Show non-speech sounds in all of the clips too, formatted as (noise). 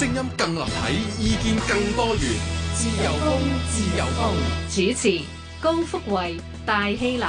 聲音更立體，意見更多元。自由風，自由風。主持：高福慧、戴希立。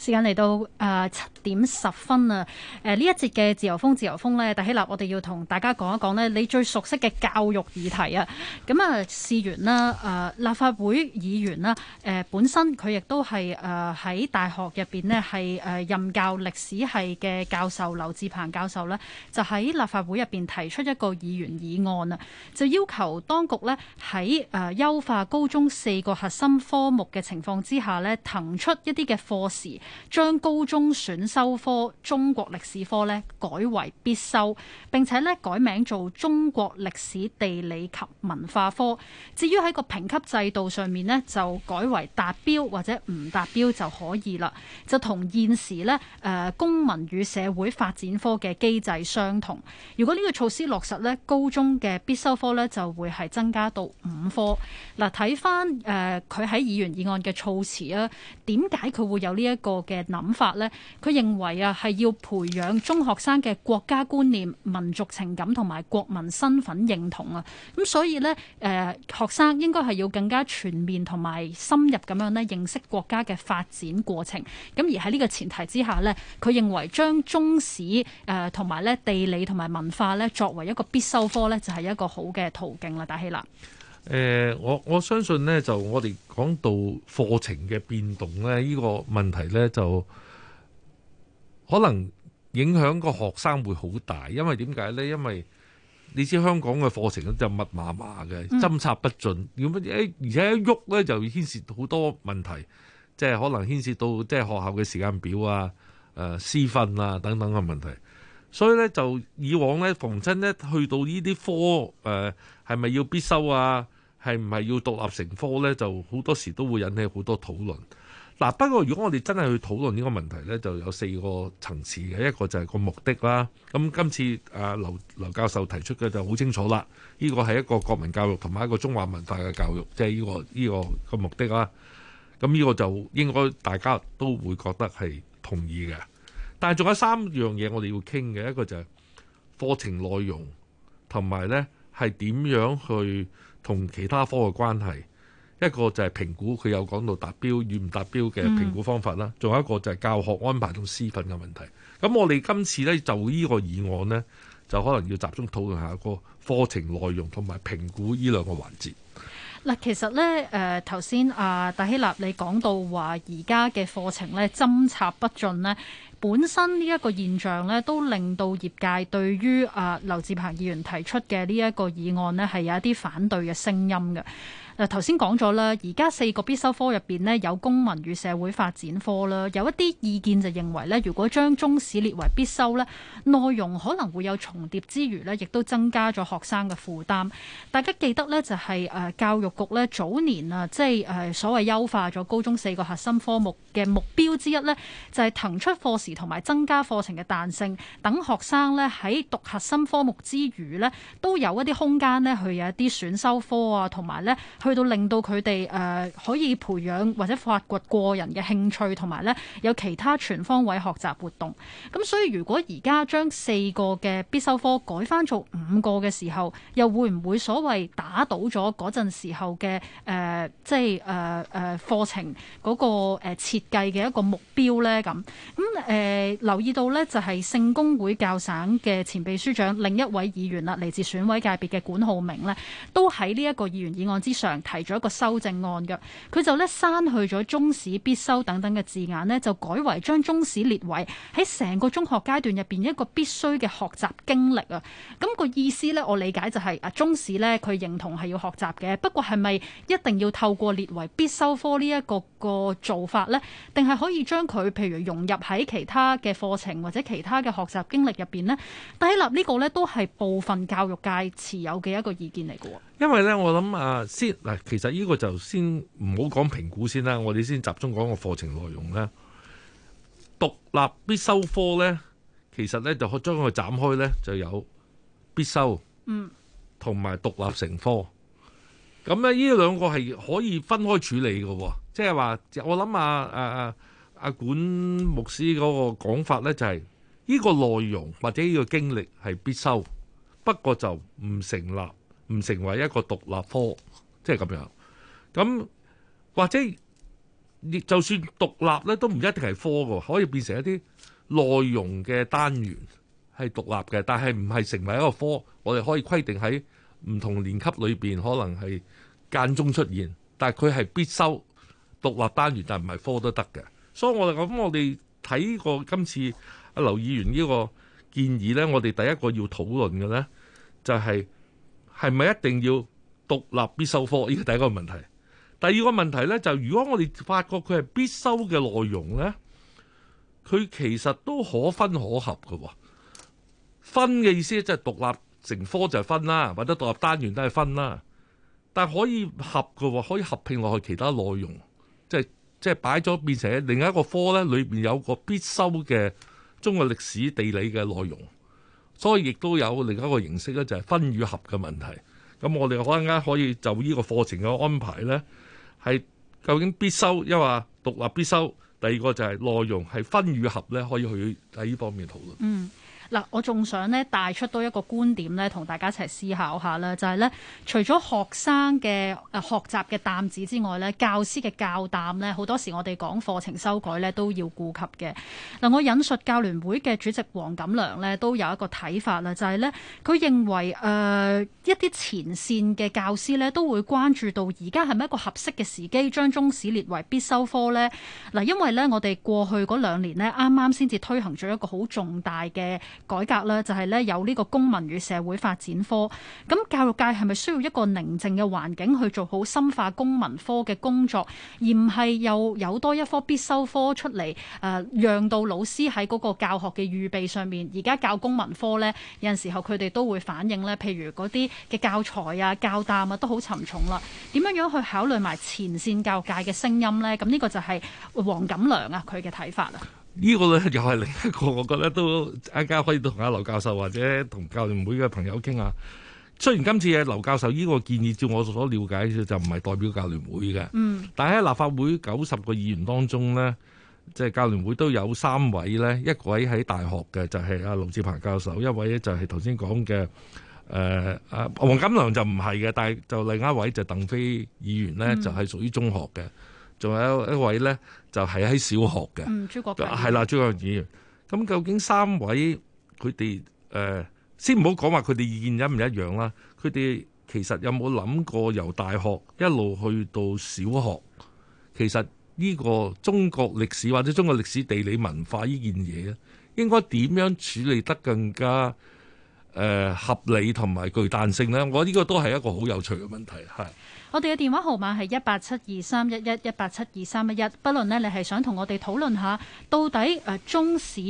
時間嚟到誒七呃點十分啊！誒，呢一節嘅自由風自由風咧，第喜立，我哋要同大家講一講咧，你最熟悉嘅教育議題啊！咁啊，事源啦，誒、呃，立法會議員啦，誒、呃，本身佢亦都係誒喺大學入邊咧係誒任教歷史系嘅教授劉智鵬教授咧，就喺立法會入邊提出一個議員議案啊，就要求當局咧喺誒優化高中四個核心科目嘅情況之下咧，騰出一啲嘅課時，將高中選。修科中國歷史科咧改為必修，並且咧改名做中國歷史地理及文化科。至於喺個評級制度上面咧，就改為達標或者唔達標就可以啦。就同現時咧誒、呃、公民與社會發展科嘅機制相同。如果呢個措施落實咧，高中嘅必修科咧就會係增加到五科。嗱，睇翻誒佢喺議員議案嘅措辭啊，點解佢會有呢一個嘅諗法咧？佢認認為啊，係要培養中學生嘅國家觀念、民族情感同埋國民身份認同啊。咁所以呢，誒，學生應該係要更加全面同埋深入咁樣咧，認識國家嘅發展過程。咁而喺呢個前提之下呢，佢認為將中史誒同埋咧地理同埋文化咧作為一個必修科呢就係、是、一個好嘅途徑啦。大希林，誒、呃，我我相信呢，就我哋講到課程嘅變動呢，呢、這個問題呢就。可能影響個學生會好大，因為點解呢？因為你知香港嘅課程就密麻麻嘅，嗯、針插不進。咁乜而且一喐呢就牽涉好多問題，即係可能牽涉到即係學校嘅時間表啊、誒、呃、師訓啊等等嘅問題。所以呢，就以往呢，逢親呢去到呢啲科誒係咪要必修啊？係唔係要獨立成科呢？就好多時都會引起好多討論。嗱，不過如果我哋真係去討論呢個問題呢，就有四個層次嘅，一個就係個目的啦。咁今次阿劉劉教授提出嘅就好清楚啦，呢個係一個國民教育同埋一個中華文化嘅教育，即係呢個呢個個目的啦。咁呢個就應該大家都會覺得係同意嘅。但係仲有三樣嘢我哋要傾嘅，一個就係課程內容同埋呢係點樣去同其他科嘅關係。一個就係評估，佢有講到達標與唔達標嘅評估方法啦。仲、嗯、有一個就係教學安排同師訓嘅問題。咁我哋今次咧就呢個議案呢，就可能要集中討論下一個課程內容同埋評估呢兩個環節。嗱，其實呢，誒頭先阿戴希立你講到話而家嘅課程咧針插不盡呢，本身呢一個現象呢，都令到業界對於阿、啊、劉智鵬議員提出嘅呢一個議案呢，係有一啲反對嘅聲音嘅。嗱，頭先講咗啦，而家四個必修科入邊呢，有公民與社會發展科啦，有一啲意見就認為呢，如果將中史列為必修呢，內容可能會有重疊之餘呢，亦都增加咗學生嘅負擔。大家記得呢，就係誒教育局呢，早年啊，即係誒所謂優化咗高中四個核心科目嘅目標之一呢，就係騰出課時同埋增加課程嘅彈性，等學生呢，喺讀核心科目之餘呢，都有一啲空間呢，去有一啲選修科啊，同埋呢。去到令到佢哋誒可以培養或者發掘個人嘅興趣，同埋咧有其他全方位學習活動，咁所以如果而家將四個嘅必修科改翻做五個嘅時候，又會唔會所謂打倒咗嗰陣時候嘅誒、呃、即係誒誒課程嗰個誒設計嘅一個目標咧？咁咁誒留意到咧，就係聖公會教省嘅前秘書長另一位議員啦，嚟自選委界別嘅管浩明咧，都喺呢一個議員議案之上。提咗一個修正案嘅，佢就咧刪去咗中史必修等等嘅字眼咧，就改為將中史列為喺成個中學階段入邊一個必須嘅學習經歷啊。咁、那個意思咧，我理解就係、是、啊，中史咧佢認同係要學習嘅，不過係咪一定要透過列為必修科呢一個個做法咧，定係可以將佢譬如融入喺其他嘅課程或者其他嘅學習經歷入邊呢？第一立呢這個咧都係部分教育界持有嘅一個意見嚟嘅。因為咧，我諗啊，先嗱，其實呢個就先唔好講評估先啦，我哋先集中講個課程內容咧。獨立必修科咧，其實咧就可將佢斬開咧，就有必修，嗯，同埋獨立成科。咁咧，呢兩個係可以分開處理嘅，哦，即係話，我諗啊，阿、啊、阿、啊、管牧師嗰個講法咧，就係、是、呢個內容或者呢個經歷係必修，不過就唔成立。唔成為一個獨立科，即係咁樣咁，或者就算獨立咧，都唔一定係科嘅，可以變成一啲內容嘅單元係獨立嘅，但係唔係成為一個科。我哋可以規定喺唔同年級裏邊，可能係間中出現，但係佢係必修獨立單元，但唔係科都得嘅。所以我哋咁、這個，我哋睇過今次阿劉議員呢個建議呢，我哋第一個要討論嘅呢，就係、是。係咪一定要獨立必修科？呢個第一個問題。第二個問題呢，就如果我哋發覺佢係必修嘅內容呢，佢其實都可分可合㗎喎。分嘅意思即係獨立成科就係分啦，或者獨立單元都係分啦。但係可以合嘅，可以合併落去其他內容，即係即係擺咗變成另一個科呢，裏邊有個必修嘅中國歷史地理嘅內容。所以亦都有另一個形式咧，就係分與合嘅問題。咁我哋一陣間可以就呢個課程嘅安排咧，係究竟必修抑或獨立必修，第二個就係內容係分與合咧，可以去喺呢方面討論。嗯。嗱，我仲想咧帶出多一個觀點咧，同大家一齊思考下啦，就係咧，除咗學生嘅誒學習嘅擔子之外咧，教師嘅教擔咧，好多時我哋講課程修改咧都要顧及嘅。嗱，我引述教聯會嘅主席黃錦良咧，都有一個睇法啦，就係咧，佢認為誒、呃、一啲前線嘅教師咧，都會關注到而家係咪一個合適嘅時機將中史列為必修科咧？嗱，因為咧，我哋過去嗰兩年咧，啱啱先至推行咗一個好重大嘅改革咧就係咧有呢個公民與社會發展科，咁教育界係咪需要一個寧靜嘅環境去做好深化公民科嘅工作，而唔係又有多一科必修科出嚟？誒，讓到老師喺嗰個教學嘅預備上面，而家教公民科呢，有陣時候佢哋都會反映呢，譬如嗰啲嘅教材啊，教擔啊都好沉重啦。點樣樣去考慮埋前綫教育界嘅聲音呢？咁呢個就係黃錦良啊佢嘅睇法啦。呢個咧又係另一個，我覺得都大家可以同阿劉教授或者同教聯會嘅朋友傾下。雖然今次嘅劉教授呢個建議，照我所了解就唔係代表教聯會嘅。嗯。但係喺立法會九十個議員當中呢，即係教聯會都有三位呢，一位喺大學嘅就係阿劉智鵬教授，一位呢，就係頭先講嘅誒阿黃錦良，就唔係嘅，但係就另一位就鄧飛議員呢，就係屬於中學嘅。仲有一位呢，就係、是、喺小學嘅，係啦、嗯，朱國賢議員。咁究竟三位佢哋誒，先唔好講話佢哋意見一唔一樣啦。佢哋其實有冇諗過由大學一路去到小學，其實呢個中國歷史或者中國歷史地理文化呢件嘢，應該點樣處理得更加誒、呃、合理同埋具彈性呢？我呢個都係一個好有趣嘅問題，係。我哋嘅電話號碼係一八七二三一一一八七二三一一，不論咧你係想同我哋討論下到底誒中史、誒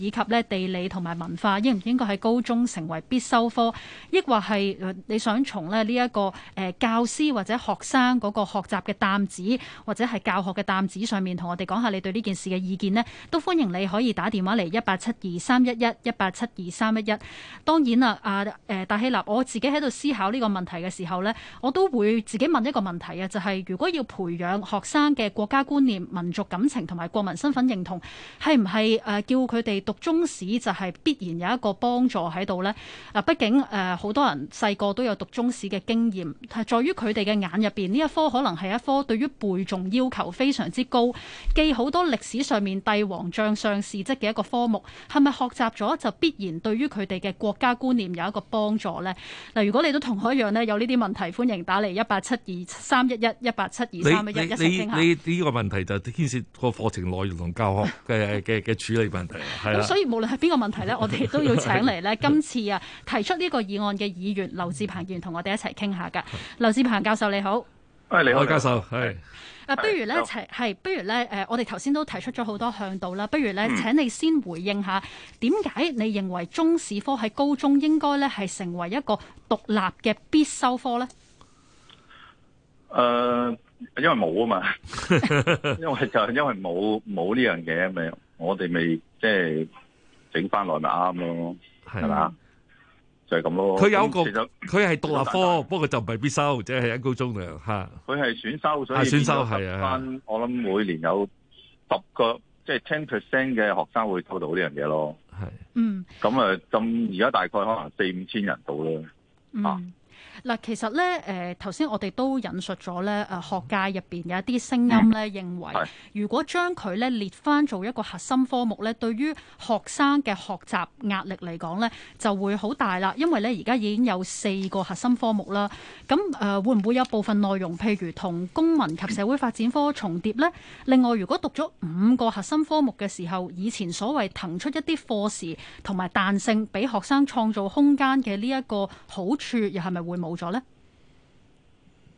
以及咧地理同埋文化應唔應該喺高中成為必修科，亦或係你想從咧呢一個誒教師或者學生嗰個學習嘅擔子或者係教學嘅擔子上面同我哋講下你對呢件事嘅意見咧，都歡迎你可以打電話嚟一八七二三一一一八七二三一一。當然啦，啊誒、呃、戴希立，我自己喺度思考呢個問題嘅時候咧，我都會自己。問一個問題啊，就係、是，如果要培養學生嘅國家觀念、民族感情同埋國民身份認同，係唔係誒叫佢哋讀中史就係必然有一個幫助喺度呢？啊，畢竟誒好、呃、多人細個都有讀中史嘅經驗，係在於佢哋嘅眼入邊，呢一科可能係一科對於背誦要求非常之高，記好多歷史上面帝王將相事跡嘅一個科目，係咪學習咗就必然對於佢哋嘅國家觀念有一個幫助呢？嗱、呃，如果你都同我一樣呢，有呢啲問題，歡迎打嚟一八七，二三一一一八七二三一一一，呢個問題就牽涉個課程內容同教學嘅嘅 (laughs) 處理問題。咁所以無論係邊個問題咧，我哋都要請嚟咧。今次啊，提出呢個議案嘅議員劉 (laughs) 智鵬議員同我哋一齊傾下噶。劉智鵬教授你好，誒、哎、你好，教授係。啊，不如咧，的的請係不如咧，誒、呃，我哋頭先都提出咗好多向導啦。不如咧，請你先回應下，點解你認為中史科喺高中應該咧係成為一個獨立嘅必修科咧？誒、呃，因為冇啊嘛 (laughs) 因，因為就係因為冇冇呢樣嘢，咪我哋咪即係整翻來咪啱咯，係咪就係咁咯。佢有一個，佢係獨立科，大大不過就唔係必修，即係喺高中嘅吓。佢、啊、係選修，所以呢個班我諗每年有十個，即係 ten percent 嘅學生會做到呢樣嘢咯。係，是啊、嗯，嗯，咁啊、嗯，咁而家大概可能四五千人到啦，啊。嗯嗱，其實咧，誒頭先我哋都引述咗咧，誒學界入邊有一啲聲音咧，認為如果將佢咧列翻做一個核心科目咧，對於學生嘅學習壓力嚟講咧，就會好大啦。因為咧，而家已經有四個核心科目啦。咁誒，會唔會有部分內容，譬如同公民及社會發展科重疊咧？另外，如果讀咗五個核心科目嘅時候，以前所謂騰出一啲課時同埋彈性俾學生創造空間嘅呢一個好處又係咪會冇？冇錯咧？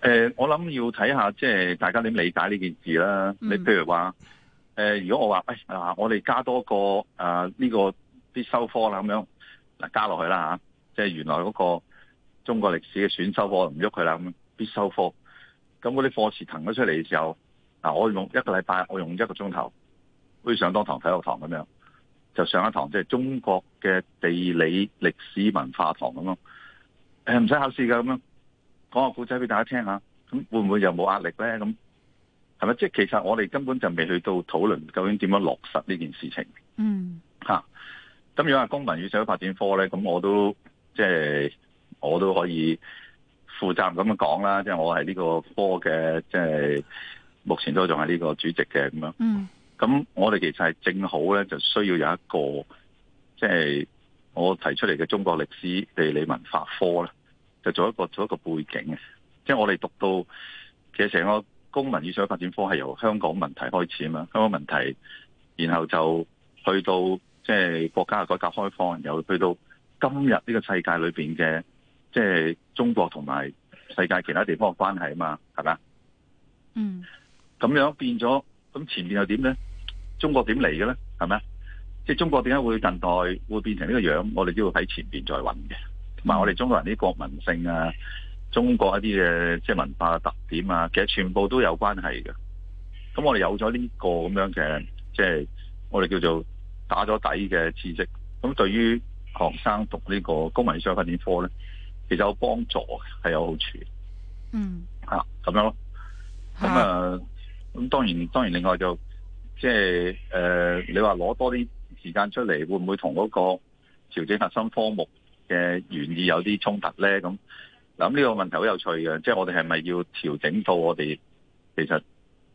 誒、呃，我諗要睇下，即、就、係、是、大家點理解呢件事啦。嗯、你譬如話，誒、呃，如果我話，誒、哎、嗱、啊，我哋加多個誒呢、啊這個必修科啦，咁樣嗱，加落去啦吓。即、啊、係、就是、原來嗰個中國歷史嘅選修科唔喐佢啦，咁必修科。咁嗰啲課時騰咗出嚟嘅時候，嗱、啊，我用一個禮拜，我用一個鐘頭，好似上當堂體育堂咁樣，就上一堂即係中國嘅地理、歷史、文化堂咁樣誒，唔使考試噶咁樣，講個故仔俾大家聽下，咁會唔會又冇壓力咧？咁係咪？即係其實我哋根本就未去到討論究竟點樣落實呢件事情。嗯。吓、啊，咁如果係公民與社會發展科咧，咁我都即係、就是、我都可以負責咁樣講啦，即、就、係、是、我係呢個科嘅，即、就、係、是、目前都仲係呢個主席嘅咁樣。咁、嗯、我哋其實係正好咧，就需要有一個即係、就是、我提出嚟嘅中國歷史地理文化科咧。就做一個做一個背景嘅，即係我哋讀到，其實成個公民與社會發展科係由香港問題開始啊嘛，香港問題，然後就去到即係國家嘅改革開放，然後去到今日呢個世界裏面嘅即係中國同埋世界其他地方嘅關係啊嘛，係咪啊？嗯，咁樣變咗，咁前面又點咧？中國點嚟嘅咧？係咪？即係中國點解會近代會變成呢個樣？我哋都要喺前面再揾嘅。同埋我哋中國人啲國民性啊，中國一啲嘅即係文化嘅特點啊，其實全部都有關係嘅。咁我哋有咗呢個咁樣嘅，即係我哋叫做打咗底嘅知識。咁對於學生讀呢個公民與社會發展科咧，其實有幫助係有好處。嗯，嚇咁樣咯。咁啊，咁當然當然另外就即係誒，你話攞多啲時間出嚟，會唔會同嗰個調整核心科目？嘅原意有啲衝突咧，咁嗱，咁呢個問題好有趣嘅，即係我哋係咪要調整到我哋其實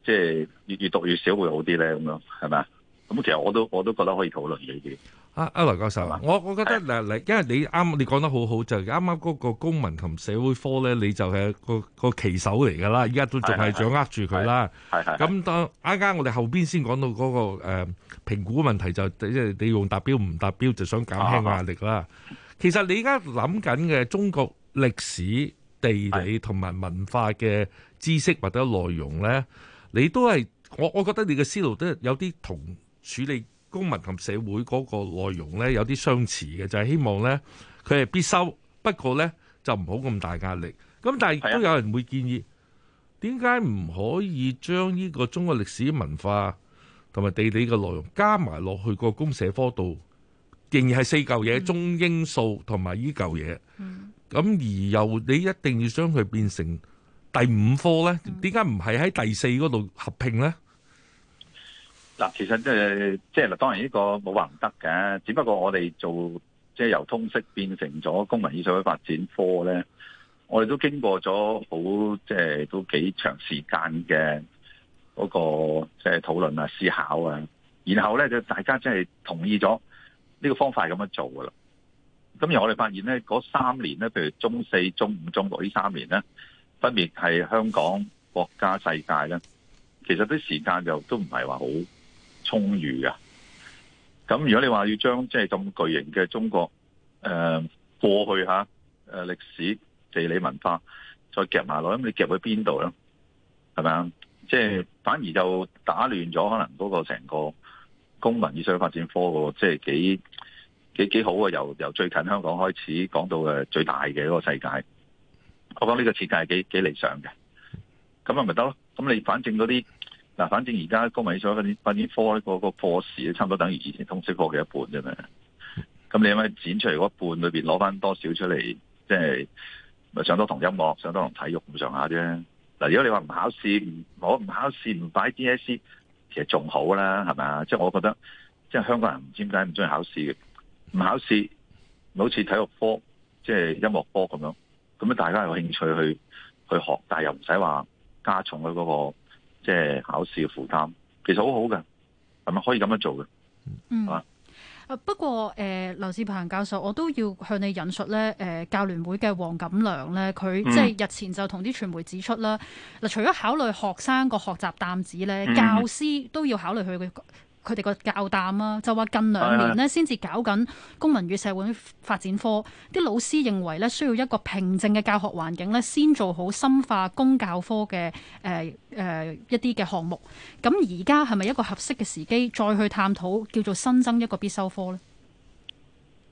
即係越讀越少會好啲咧？咁樣，係咪啊？咁其實我都我都覺得可以討論嘅啲。啊啊，劉教授，我我覺得嗱，你因為你啱，你講得好好，就啱啱嗰個公民同社會科咧，你就係個個旗手嚟㗎啦，依家都仲係掌握住佢啦。係係。咁當啱啱我哋後邊先講到嗰個誒評估問題，就即係你用達標唔達標，就想減輕壓力啦。其實你而家諗緊嘅中國歷史地理同埋文化嘅知識或者內容咧，你都係我我覺得你嘅思路都有啲同處理。公民同社會嗰個內容呢，有啲相似嘅，就係、是、希望呢，佢係必修，不過呢，就唔好咁大壓力。咁但係都有人會建議，點解唔可以將呢個中國歷史文化同埋地理嘅內容加埋落去個公社科度，仍然係四嚿嘢，嗯、中英數同埋呢嚿嘢。咁而又你一定要將佢變成第五科呢？點解唔係喺第四嗰度合併呢？嗱，其實即係即係，當然呢個冇話唔得嘅。只不過我哋做即係、就是、由通識變成咗公民與社會發展科咧，我哋都經過咗好即係都幾長時間嘅嗰個即係討論啊、思考啊，然後咧就大家真係同意咗呢個方法咁樣做噶啦。咁而我哋發現咧，嗰三年咧，譬如中四、中五、中六呢三年咧，分別係香港、國家、世界咧，其實啲時間就都唔係話好充裕嘅，咁如果你話要將即係咁巨型嘅中國，誒、呃、過去吓誒歷史、地理、文化再夾埋落，咁你夾去邊度咧？係咪啊？即係反而就打亂咗可能嗰個成個公民意識發展科喎，即係幾幾幾好啊！由由最近香港開始講到誒最大嘅嗰個世界，我講呢個設計幾幾理想嘅，咁啊咪得咯？咁你反正嗰啲。嗱，反正而家公民科嗰啲科咧，嗰個課時咧，差唔多等於以前通識科嘅一半啫嘛。咁你可可以剪出嚟嗰半裏邊攞翻多少出嚟，即係咪上多堂音樂，上多堂體育咁上下啫。嗱，如果你話唔考試，唔攞唔考試，唔擺 DSE 其實仲好啦，係咪啊？即係我覺得，即係香港人唔知點解唔中意考試嘅，唔考試，好似體育科、即係音樂科咁樣，咁樣大家有興趣去去學，但係又唔使話加重佢嗰個。即係考試嘅負擔，其實好好嘅，係咪可以咁樣做嘅？嗯，啊吧，不過誒、呃，劉智鵬教授，我都要向你引述咧，誒、呃，教聯會嘅黃錦良咧，佢、嗯、即係日前就同啲傳媒指出啦，嗱，除咗考慮學生個學習擔子咧，嗯、教師都要考慮佢嘅。佢哋個教旦啦，就話近兩年咧先至搞緊公民與社會發展科，啲的老師認為咧，需要一個平靜嘅教學環境咧，先做好深化公教科嘅誒誒一啲嘅項目。咁而家係咪一個合適嘅時機，再去探討叫做新增一個必修科呢？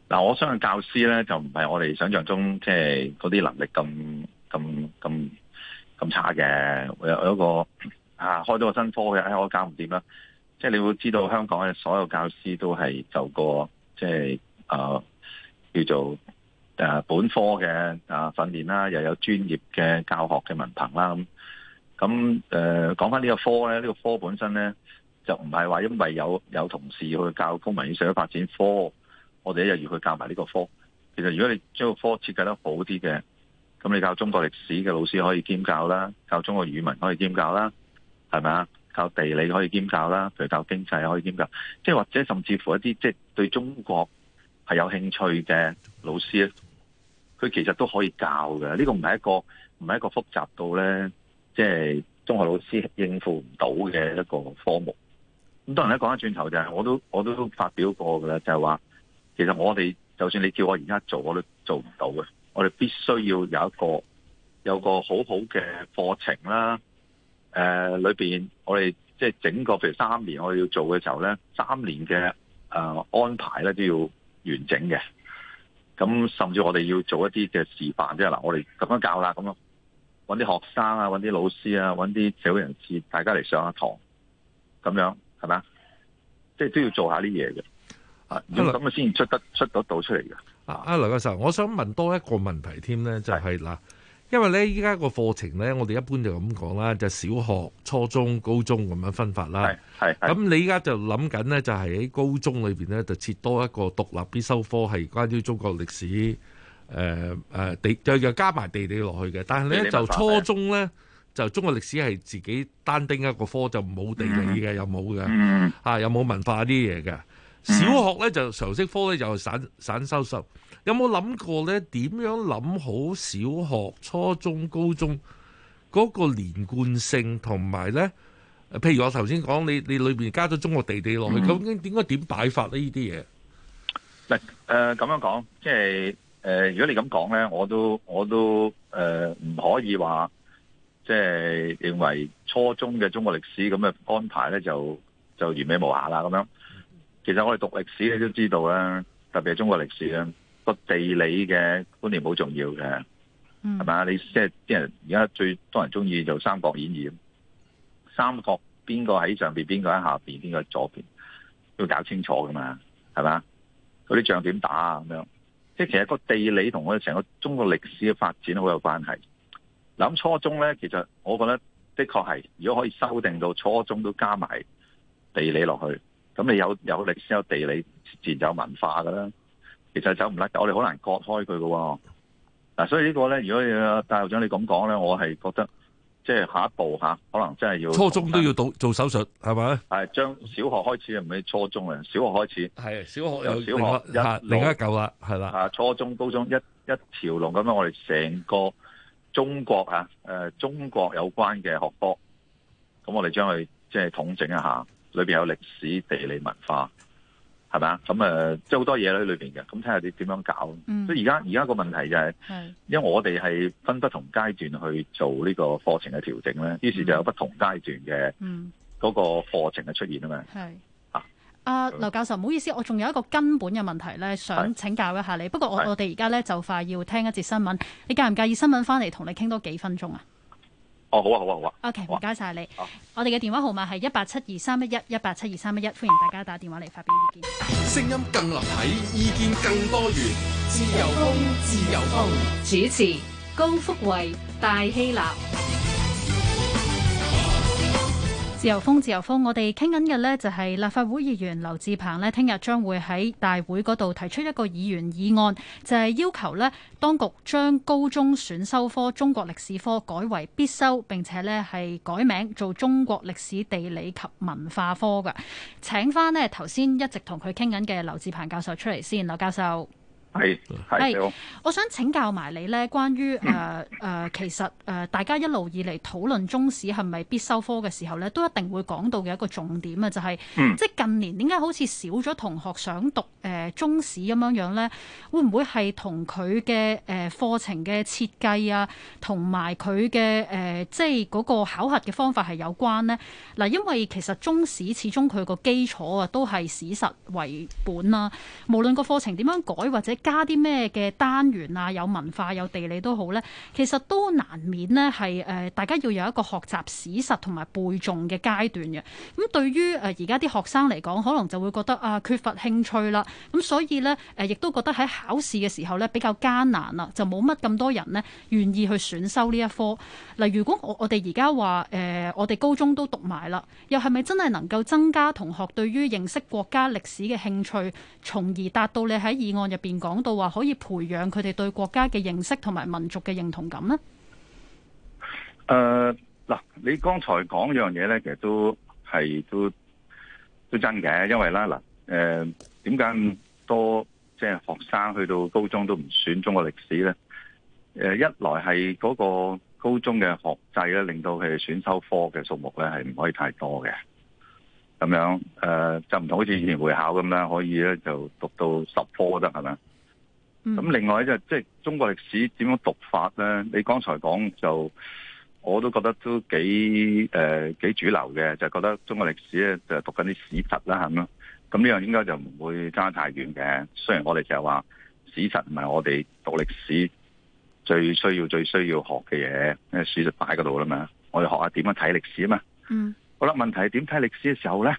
嗱、啊，我相信教師呢，就唔係我哋想像中，即係嗰啲能力咁咁咁咁差嘅。有有一個、那個、啊，開咗個新科嘅，我搞唔掂啦。即係你會知道香港嘅所有教師都係就過即係啊，叫做啊本科嘅啊訓練啦，又有專業嘅教學嘅文憑啦。咁咁誒講翻呢個科咧，呢個科本身咧就唔係話因為有有同事去教公民社會發展科，我哋一日要去教埋呢個科。其實如果你將個科設計得好啲嘅，咁你教中國歷史嘅老師可以兼教啦，教中國語文可以兼教啦，係咪啊？教地理可以兼教啦，譬如教經濟可以兼教，即係或者甚至乎一啲即係對中國係有興趣嘅老師，佢其實都可以教嘅。呢個唔係一個唔係一個複雜到咧，即係中學老師應付唔到嘅一個科目。咁當然咧講翻轉頭就係，我都我都發表過噶啦，就係話，其實我哋就算你叫我而家做，我都做唔到嘅。我哋必須要有一個有個好好嘅課程啦。誒、呃，裏邊我哋即係整個，譬如三年我哋要做嘅時候咧，三年嘅誒、呃、安排咧都要完整嘅。咁甚至我哋要做一啲嘅示範，即係嗱，我哋咁樣教啦，咁樣搵啲學生啊，搵啲老師啊，搵啲社會人士，大家嚟上下堂，咁樣係咪？即係、就是、都要做下啲嘢嘅。啊，咁、啊啊、樣先出得出得到出嚟嘅。啊，阿劉教授，啊啊、我想問多一個問題添咧，就係、是、啦因為咧，依家個課程咧，我哋一般就咁講啦，就是、小學、初中、高中咁樣分法啦。係係。咁你依家就諗緊咧，就係喺高中裏邊咧，就設多一個獨立必修科，係關於中國歷史誒誒、呃、地，又又加埋地理落去嘅。但係咧，就初中咧，就中國歷史係自己單丁一個科，就冇地理嘅，又冇嘅，嚇又冇文化啲嘢嘅。嗯、小學咧就常識科咧就散、是、散收收。有冇諗過咧？點樣諗好小學、初中、高中嗰個連貫性，同埋咧，譬如我頭先講，你你裏邊加咗中國地地落去，究竟點應該點擺法呢？呢啲嘢誒，咁、呃、樣講，即係誒、呃，如果你咁講咧，我都我都誒，唔、呃、可以話即係認為初中嘅中國歷史咁嘅安排咧，就就完美無瑕啦。咁樣，其實我哋讀歷史，你都知道啦，特別係中國歷史咧。個地理嘅觀念好重要嘅，係嘛、嗯？你即係啲人而家最多人中意做《三國演義》，三國邊個喺上邊，邊個喺下邊，邊個喺左邊，都要搞清楚噶嘛，係嘛？嗰啲仗點打啊？咁樣，即係其實個地理同我哋成個中國歷史嘅發展好有關係。諗初中咧,其實我覺得的確係，如果可以修訂到初中都加埋地理落去，咁你有有歷史、有地理，自然就有文化噶啦。其實走唔甩，我哋好難割開佢噶。嗱、啊，所以個呢個咧，如果大校長你咁講咧，我係覺得，即係下一步吓，可能真係要初中都要到做手術，係咪？係將、啊、小學開始，唔係初中啊，小學開始。係小學有小學一，一另一嚿啦，係、啊、啦、啊。初中、高中一一條龍咁樣，我哋成個中國吓，誒、啊，中國有關嘅學科，咁我哋將佢即係統整一下，裏邊有歷史、地理、文化。係嘛？咁誒，即係好多嘢喺裏邊嘅。咁睇下你點樣搞。即係而家，而家個問題就係、是，是的因為我哋係分不同階段去做呢個課程嘅調整咧，於、嗯、是就有不同階段嘅嗰個課程嘅出現啊嘛。係、嗯、啊，阿劉教授，唔好意思，我仲有一個根本嘅問題咧，想請教一下你。的不過我我哋而家咧就快要聽一節新聞，你介唔介意新聞翻嚟同你傾多幾分鐘啊？哦，好啊，好啊，好啊。O K，唔該晒你。啊、我哋嘅電話號碼係一八七二三一一一八七二三一一，歡迎大家打電話嚟發表意見。聲音更立體，意見更多元，自由風，自由風。主持：高福慧、戴希立。自由風，自由風，我哋傾緊嘅呢就係立法會議員劉智鵬咧，聽日將會喺大會嗰度提出一個議員議案，就係、是、要求呢當局將高中選修科中國歷史科改為必修，並且呢係改名做中國歷史地理及文化科嘅。請翻呢頭先一直同佢傾緊嘅劉智鵬教授出嚟先，劉教授。係係，我想請教埋你咧，關於誒誒、呃呃，其實誒、呃、大家一路以嚟討論中史係咪必修科嘅時候咧，都一定會講到嘅一個重點啊，就係、是嗯、即係近年點解好似少咗同學想讀誒、呃、中史咁樣樣咧？會唔會係同佢嘅誒課程嘅設計啊，同埋佢嘅誒即係嗰個考核嘅方法係有關呢？嗱、呃，因為其實中史始終佢個基礎啊，都係史實為本啦、啊，無論個課程點樣改或者。加啲咩嘅單元啊，有文化有地理都好咧，其實都難免咧係誒大家要有一個學習史實同埋背誦嘅階段嘅。咁、嗯、對於誒而家啲學生嚟講，可能就會覺得啊缺乏興趣啦。咁、嗯、所以咧誒亦都覺得喺考試嘅時候咧比較艱難啦，就冇乜咁多人咧願意去選修呢一科。嗱、呃，如果我我哋而家話誒我哋高中都讀埋啦，又係咪真係能夠增加同學對於認識國家歷史嘅興趣，從而達到你喺議案入邊講？講到話可以培養佢哋對國家嘅認識同埋民族嘅認同感咧。誒，嗱，你剛才講樣嘢咧，其實都係都都真嘅，因為咧嗱，誒、呃，點解咁多即係、就是、學生去到高中都唔選中國歷史咧？誒，一來係嗰個高中嘅學制咧，令到佢哋選修科嘅數目咧係唔可以太多嘅。咁樣誒、呃，就唔同好似以前會考咁啦，可以咧就讀到十科得係咪？咁、嗯、另外就即係中國歷史點樣讀法咧？你剛才講就我都覺得都幾誒、呃、幾主流嘅，就覺得中國歷史咧就讀緊啲史實啦咁咯。咁呢樣應該就唔會差太遠嘅。雖然我哋就係話史實唔係我哋讀歷史最需要、最需要學嘅嘢，因為史實擺喺度啦嘛，我哋學下點樣睇歷史嘛。嗯，好啦，問題係點睇歷史嘅時候咧？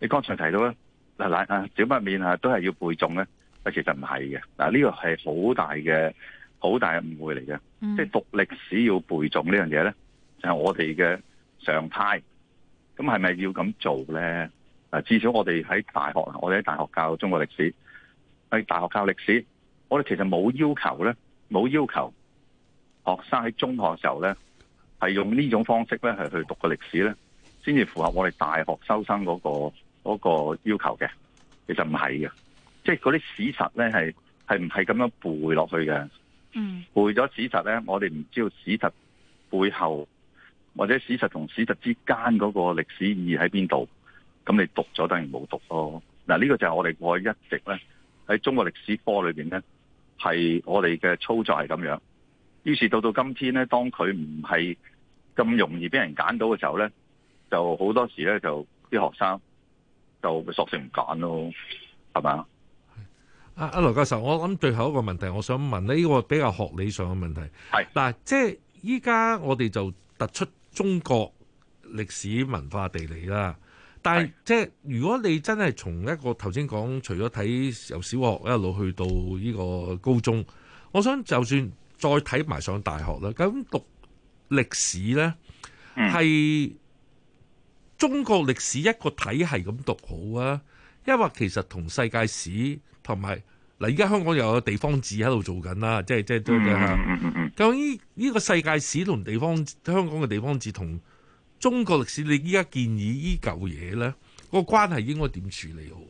你剛才提到咧，嗱嗱啊，少不免啊，都係要背誦咧。其實唔係嘅，嗱呢個係好大嘅好大嘅誤會嚟嘅，即係、嗯、讀歷史要背誦呢樣嘢咧，就係、是、我哋嘅常態。咁係咪要咁做咧？啊，至少我哋喺大學，我哋喺大學教中國歷史，喺大學教歷史，我哋其實冇要求咧，冇要求學生喺中學嘅時候咧，係用呢種方式咧係去讀個歷史咧，先至符合我哋大學收生嗰個、嗰個要求嘅。其實唔係嘅。即係嗰啲史實咧，係係唔係咁樣背落去嘅？嗯、背咗史實咧，我哋唔知道史實背後或者史實同史實之間嗰個歷史意義喺邊度？咁你讀咗，當然冇讀咯。嗱，呢個就係我哋過去一直咧喺中國歷史科裏邊咧，係我哋嘅操作係咁樣。於是到到今天咧，當佢唔係咁容易俾人揀到嘅時候咧，就好多時咧就啲學生就會索性唔揀咯，係咪？阿阿羅教授，我諗最後一個問題，我想問呢、呢個比較學理上嘅問題。係嗱是、啊，即係依家我哋就突出中國歷史文化地理啦。但係是即係如果你真係從一個頭先講，除咗睇由小學一路去到呢個高中，我想就算再睇埋上大學啦，咁讀歷史呢，係、嗯、中國歷史一個體係咁讀好啊，抑或其實同世界史。同埋嗱，而家香港又有個地方志喺度做緊啦，即係即係都都吓咁。呢、嗯嗯嗯嗯、究竟個世界史同地方香港嘅地方志同中國歷史，你依家建議依舊嘢咧，個關係應該點處理好？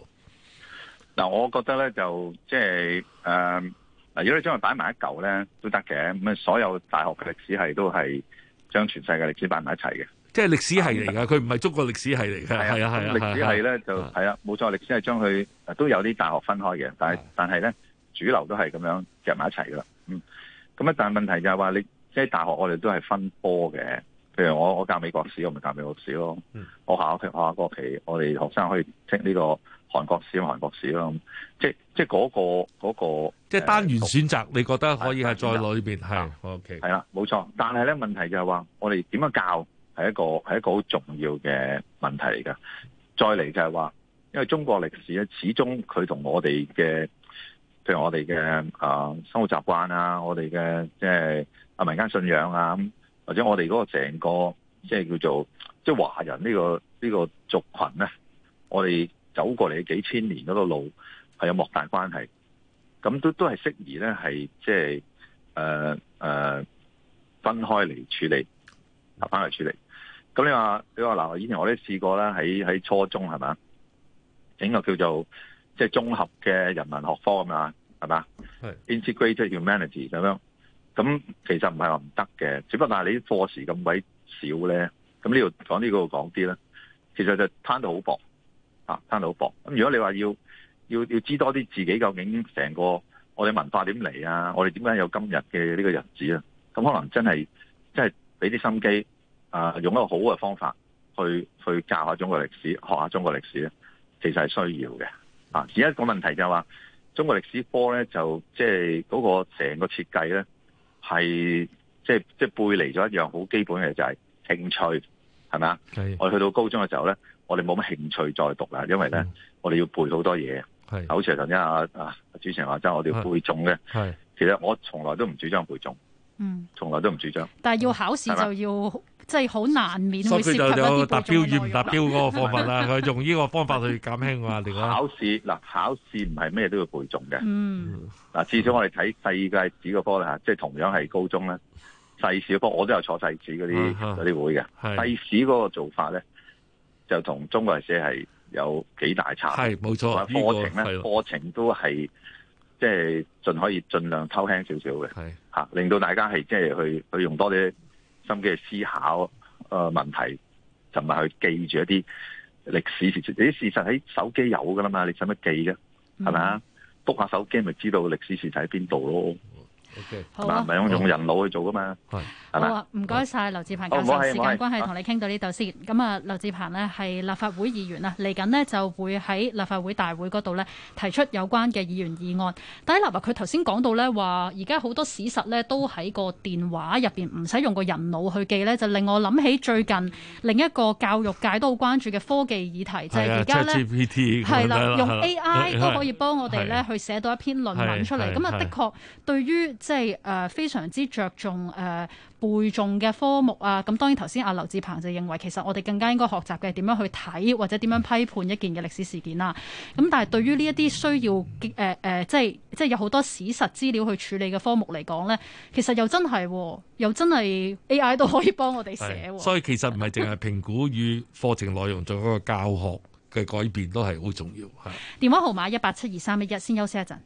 嗱，我覺得咧就即係誒，如、呃、果你將佢擺埋一舊咧都得嘅，咁啊所有大學嘅歷史系都係將全世界歷史擺埋一齊嘅。即係歷史系嚟噶，佢唔係中國歷史系嚟噶，係啊係啊。歷史系咧就係啊，冇錯，歷史系將佢都有啲大學分開嘅，但係但係咧主流都係咁樣夾埋一齊噶啦。嗯，咁啊，但係問題就係話你即係大學，我哋都係分科嘅。譬如我我教美國史，我咪教美國史咯。我下學期下個學期，我哋學生可以即呢個韓國史、韓國史咯。即即嗰個嗰個即係單元選擇，你覺得可以係在裏邊係 OK 係啦，冇錯。但係咧問題就係話我哋點樣教？係一個係一個好重要嘅問題嚟噶。再嚟就係話，因為中國歷史咧，始終佢同我哋嘅，譬如我哋嘅啊生活習慣啊，我哋嘅即係啊民間信仰啊，或者我哋嗰個成個即係叫做即係華人呢個呢個族群咧，我哋走過嚟幾千年嗰個路，係有莫大關係。咁都都係適宜咧，係即係誒誒分開嚟處理，分開嚟處理。咁你話你話，嗱，以前我都試過啦，喺喺初中係咪，整個叫做即係綜合嘅人文學科咁啊，係嘛，integrated humanity 咁樣，咁是其實唔係話唔得嘅，只不過係你啲課時咁位少咧，咁呢度講呢個講啲啦，其實就攤到好薄啊，攤到好薄。咁如果你話要要要知多啲自己究竟成個我哋文化點嚟啊，我哋點解有今日嘅呢個日子啊，咁可能真係真係俾啲心機。啊！用一個好嘅方法去去教下中國歷史，學下中國歷史咧，其實係需要嘅。啊，而家個問題就係、是、話中國歷史科咧，就即係嗰、那個成個設計咧，係即係即係背離咗一樣好基本嘅就係、是、興趣係咪啊？是我哋去到高中嘅時候咧，我哋冇乜興趣再讀啦，因為咧、嗯、我哋要背好多嘢。係是，好似頭先阿主持人話齋，啊、我哋要背重嘅。係，其實我從來都唔主張背誦，嗯，從來都唔主張。嗯、吧但係要考試就要。即係好難免去涉及一啲背誦。所以佢就有達標與唔達標嗰個方法啦，佢 (laughs) 用呢個方法去減輕。我話你考試嗱，考試唔係咩都要背誦嘅。嗱、嗯，嗯、至少我哋睇世界史個科啦吓，即係同樣係高中咧，世史個科我都有坐世史嗰啲嗰啲會嘅。世史嗰個做法咧，是就同中國人寫係有幾大差。係冇錯，課程咧，課、這個、程都係即係盡可以盡量抽輕少少嘅。係吓是，令到大家係即係去去用多啲。心機去思考誒、呃、問題，同係去記住一啲歷史事實。啲事實喺手機有噶啦嘛，你使乜記㗎？係咪啊？篤下手機咪知道歷史事實喺邊度咯？嗱，唔係用用人腦去做噶嘛？好啊，唔該晒。謝謝劉智鵬教授，oh, 時間關係同你傾到呢度先。咁啊，劉智鵬呢係立法會議員啊，嚟緊呢就會喺立法會大會嗰度呢提出有關嘅議員議案。但係佢頭先講到呢話，而家好多史實呢都喺個電話入邊唔使用個人腦去記呢，就令我諗起最近另一個教育界都好關注嘅科技議題，就係而家呢。係啦，用 AI 都可以幫我哋呢去寫到一篇論文出嚟。咁啊，的確對於即係、呃、非常之着重誒。呃背誦嘅科目啊，咁當然頭先阿劉智鵬就認為其實我哋更加應該學習嘅係點樣去睇或者點樣批判一件嘅歷史事件啦。咁但係對於呢一啲需要誒誒、呃呃、即係即係有好多史實資料去處理嘅科目嚟講咧，其實又真係又真係 AI 都可以幫我哋寫，所以其實唔係淨係評估與課程內容做 (laughs) 一個教學嘅改變都係好重要。電話號碼一八七二三一一，1, 先休息一陣。